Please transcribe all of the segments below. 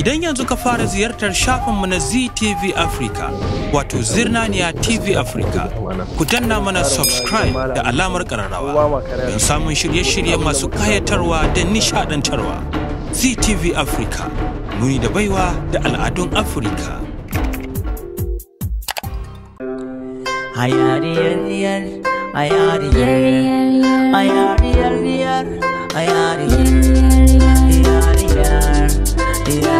Idan yanzu ka fara ziyartar shafinmu na ZTV Africa, wato Zirnaniya TV Africa, ku danna mana subscribe da alamar ƙararrawa don samun shirye-shirye masu kayatarwa da nishaɗantarwa. ZTV Africa, muni da baiwa da al'adun Afirka. yeah.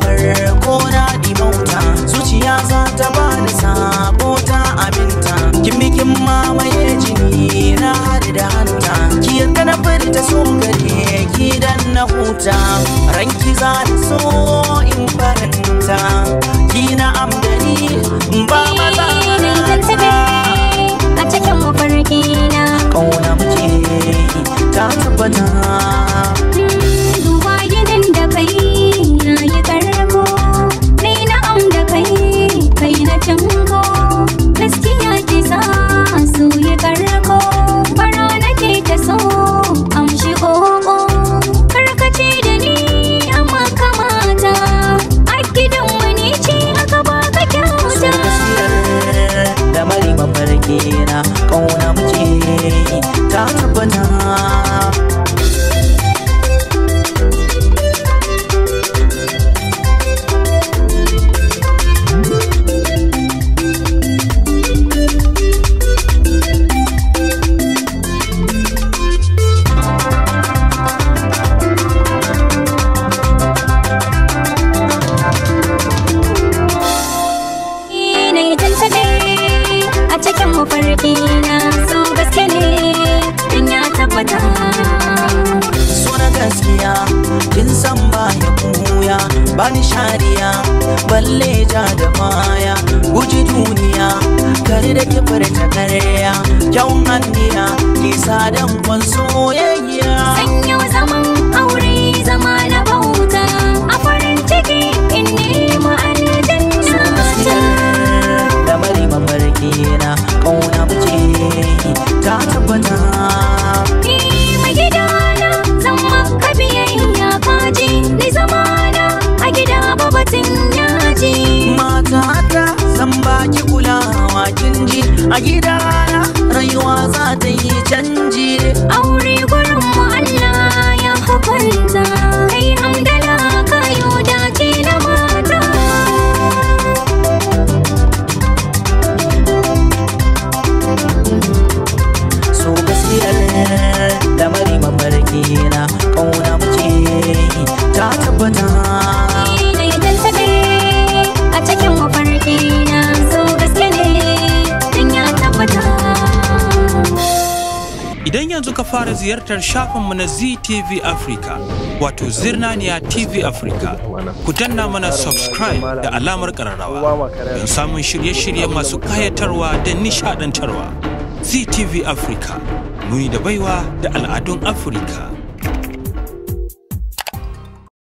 farko di dimauta zuciya za ta ba da sabo ta aminta Kimikin mamaye jini na har da hanta ki yadda na furta so gare ki dan na huta ranki za ta so in faranta ki na amdani ba maza a cikin mafarki na kauna muke ta tabbata alheri ta cikin mafarki cikin san ba ya kuya shariya balle ja da maya guji duniya kare da ki furta ya kyau hanniya nisa dan kwan soyayya a gidana rayuwa za ta yi canji aure gurin mu Allah ya hukunta kai hamdala kayo dace na mata so gaskiyar lamari na kauna mace ta tabbata Idan yanzu ka fara ziyartar shafinmu na ZTV Africa, wato Zirnaniya TV Africa, ku danna mana subscribe da alamar kararrawa don samun shirye-shirye masu kayatarwa da nishadantarwa. ZTV Africa, muni da baiwa da al'adun africa